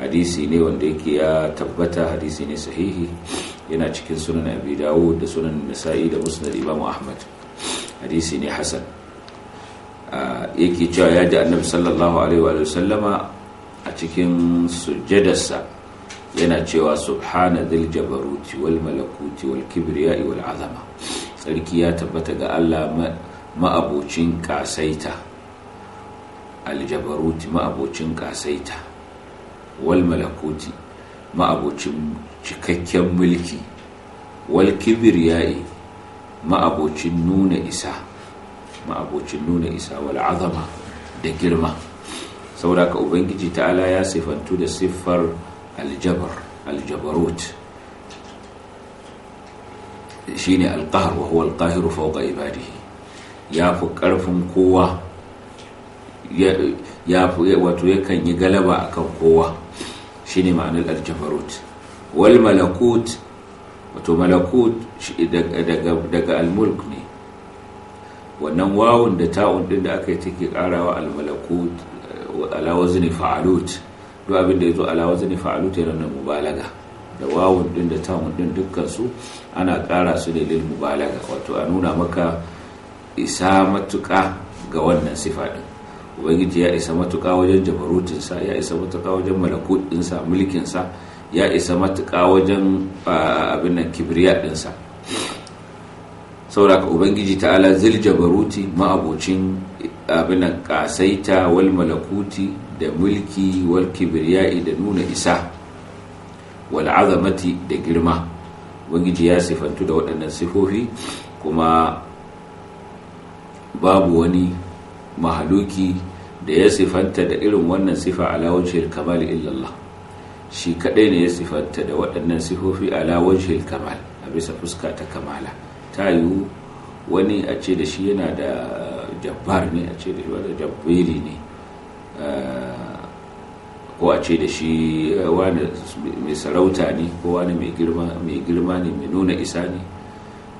hadisi ne wanda yake ya tabbata hadisi ne sahihi yana cikin sunan abi dawud da sunan nasa'i da musnad imam ahmad hadisi ne Hassan. yake cewa ya ji annabi sallallahu alaihi wa sallama a cikin sujjadarsa yana cewa subhana dhil jabaruti wal malakuti wal kibriya'i wal azama sarki ya tabbata ga Allah ma'abocin kasaita aljabaruti ma'abocin kasaita wal malakuti ma'abocin cikakken mulki wal kibriya'i ma'abocin nuna isa ma'abocin nuna isa wal azama da girma saboda ubangiji ta'ala ya sifantu da siffar aljabar aljabarut shine alqahr wa huwa alqahiru fawqa ibadihi ya fi karfin kowa ya wato yakan yi galaba a kan kowa shi ne ma'anar aljafarot wal malakut wato malakut daga almulk ne wannan wawon da ta'un din da aka yi take karawa almalakut eh, ala wazni fa'alut duk abin da yazo ala wazni fa'alut yana nan mubalaga da wawon din da ta'un din dukkansu ana kara su ne lil mubalaga wato a nuna maka isa matuka ga wannan sifa din ubangiji ya isa matuƙa wajen jabarutinsa ya isa matuƙa wajen malakutinsa mulkinsa ya isa matuƙa wajen abin nan kibriya ɗinsa sauraka ubangiji ta'ala zil jabaruti ma'abocin abin nan ƙasaita wal malakuti da mulki wal kibriya'i da nuna isa wal azamati da girma ubangiji ya sifantu da waɗannan sifofi kuma babu wani mahaluki da ya sifanta da irin wannan sifa ala wajhil kamal illallah shi kadai ne ya sifanta da waɗannan sifofi ala wajhil kamal a bisa fuska ta kamala ta yiwu wani a ce da shi yana da jabbar ne a ce da shi wani jabbari ne eh, ko a ce da shi eh, wani mai sarauta ne ko wani mai girma ne mai nuna isa ne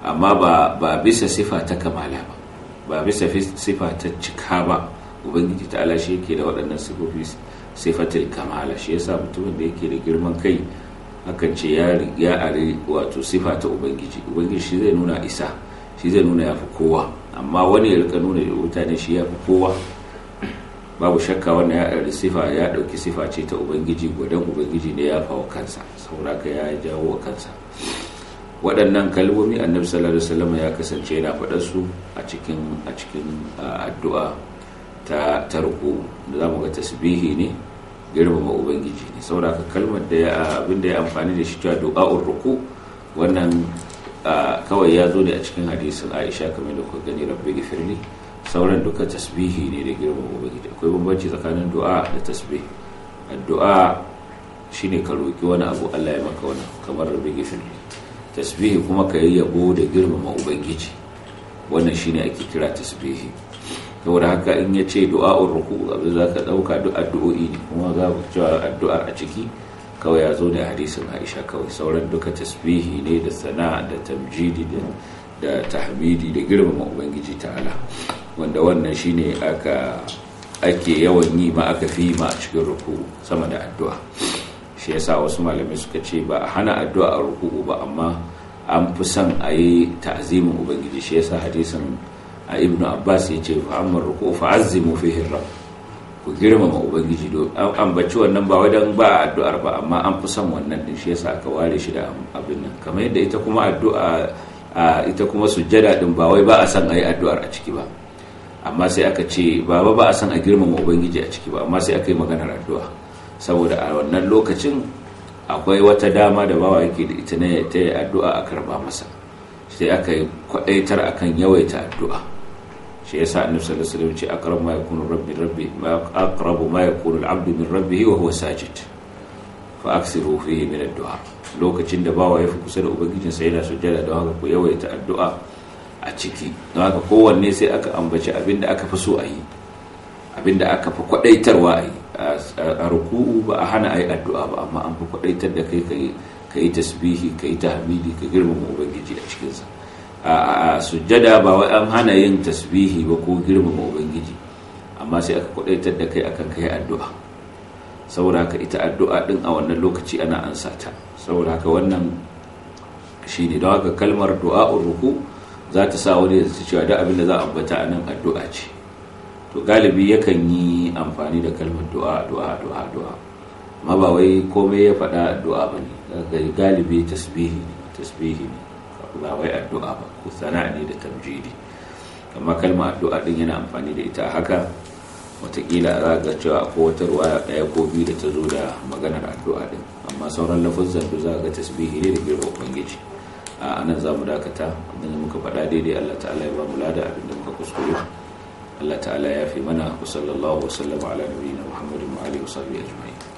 amma ba bisa sifa ta kamala ba ba bisa sifa ta cika ba ubangiji ta ala shi yake da waɗannan sifofi sifatil kamala shi yasa mutumin da yake da girman kai hakan ce ya ya wato sifa ta ubangiji ubangiji shi zai nuna isa shi zai nuna yafi kowa amma wani ya rika nuna da mutane shi yafi kowa babu shakka wannan ya ɗauki sifa ya ɗauki sifa ce ta ubangiji gwadon ubangiji ne ya fawa kansa sauraka ya jawo wa kansa waɗannan kalmomi annabi sallallahu alaihi wasallam ya kasance yana faɗar su a cikin a cikin addu'a ta tarko da mu ga tasbihi ne girmama ubangiji ne saboda kalmar da ya abin da ya amfani da shi ta du'a'ur ruku wannan kawai ya zo ne a cikin hadisin Aisha kamar da kuka gani rabbi gifirli sauran duka tasbihi ne da girmama ubangiji akwai bambanci tsakanin du'a da tasbih addu'a shine ka roki wani abu Allah ya maka wani kamar rabbi gifirli tasbihi kuma ka yi yabo da girmama ubangiji wannan shine ake kira tasbihi saboda haka in ya ce du'a'ur ruku abin za ka ɗauka duk addu'o'i ne kuma za ku cewa addu'ar a ciki kawai ya zo da hadisin aisha kawai sauran duka tasbihi ne da sana'a da tamjidi da tahmidi da girmama ubangiji ta'ala wanda wannan shine aka ake yawan yi ma aka fi ma a cikin ruku sama da addu'a shi yasa wasu malamai suka ce ba a hana addu'a a ruku'u ba amma an fi son a yi ta'azimin ubangiji shi yasa hadisin a ibnu abbas ya ce fa amma ruku'u fa azimu fihi rabb ku girmama ubangiji do an ambaci wannan ba wajen ba addu'ar ba amma an fi son wannan din shi yasa aka ware shi da abin nan kamar yadda ita kuma addu'a ita kuma sujjada din ba wai ba a son ayi addu'ar a ciki ba amma sai aka ce ba ba a son a girmama ubangiji a ciki ba amma sai aka yi maganar addu'a saboda a wannan lokacin akwai wata dama da bawa yake da ita ne ta yi addu'a a karba masa sai aka yi kwadaitar akan yawaita addu'a shi sa annabi sallallahu alaihi wasallam ce aqrabu ma yakunu rabbi rabbi ma aqrabu ma yakunu min rabbihi wa huwa sajid fa aksiru fihi min addu'a lokacin da bawa ya fi kusa da ubangijinsa yana sujjada don haka ku yawaita addu'a a ciki don haka kowanne sai aka ambaci abin da aka fi so a yi abin da aka fi kwadaitarwa a yi a ruku'u ba a hana ayi addu'a ba amma an fi kwadaitar da kai ka yi tasbihi ka yi tahmidi ka girmama ubangiji a cikinsa a sujjada ba wai an hana yin tasbihi ba ko girmama ubangiji amma sai aka kwadaitar da kai akan kai addu'a saboda ka ita addu'a din a wannan lokaci ana ansa ta saboda ka wannan shine don haka kalmar du'a ruku za ta sa wani ya cewa da abin da za a ambata a nan addu'a ce to galibi yakan yi amfani da kalmar du'a du'a du'a du'a amma ba wai komai ya faɗa addu'a ba ne galibi tasbihi tasbihi ne ba wai addu'a ba ko sana'a ne da tamjidi amma kalmar addu'a din yana amfani da ita haka watakila za ga cewa ko wata ruwaya ɗaya ko biyu da ta zo da maganar addu'a din amma sauran lafazan da za ga tasbihi ne da girma ubangiji a nan za mu dakata abinda muka faɗa daidai allah ta'ala ya ba mu lada abinda muka kuskure Allah ta'ala ya fi mana wa sallallahu wa sallama ala nabiyina Muhammadin wa alihi wa sahbihi ajma'in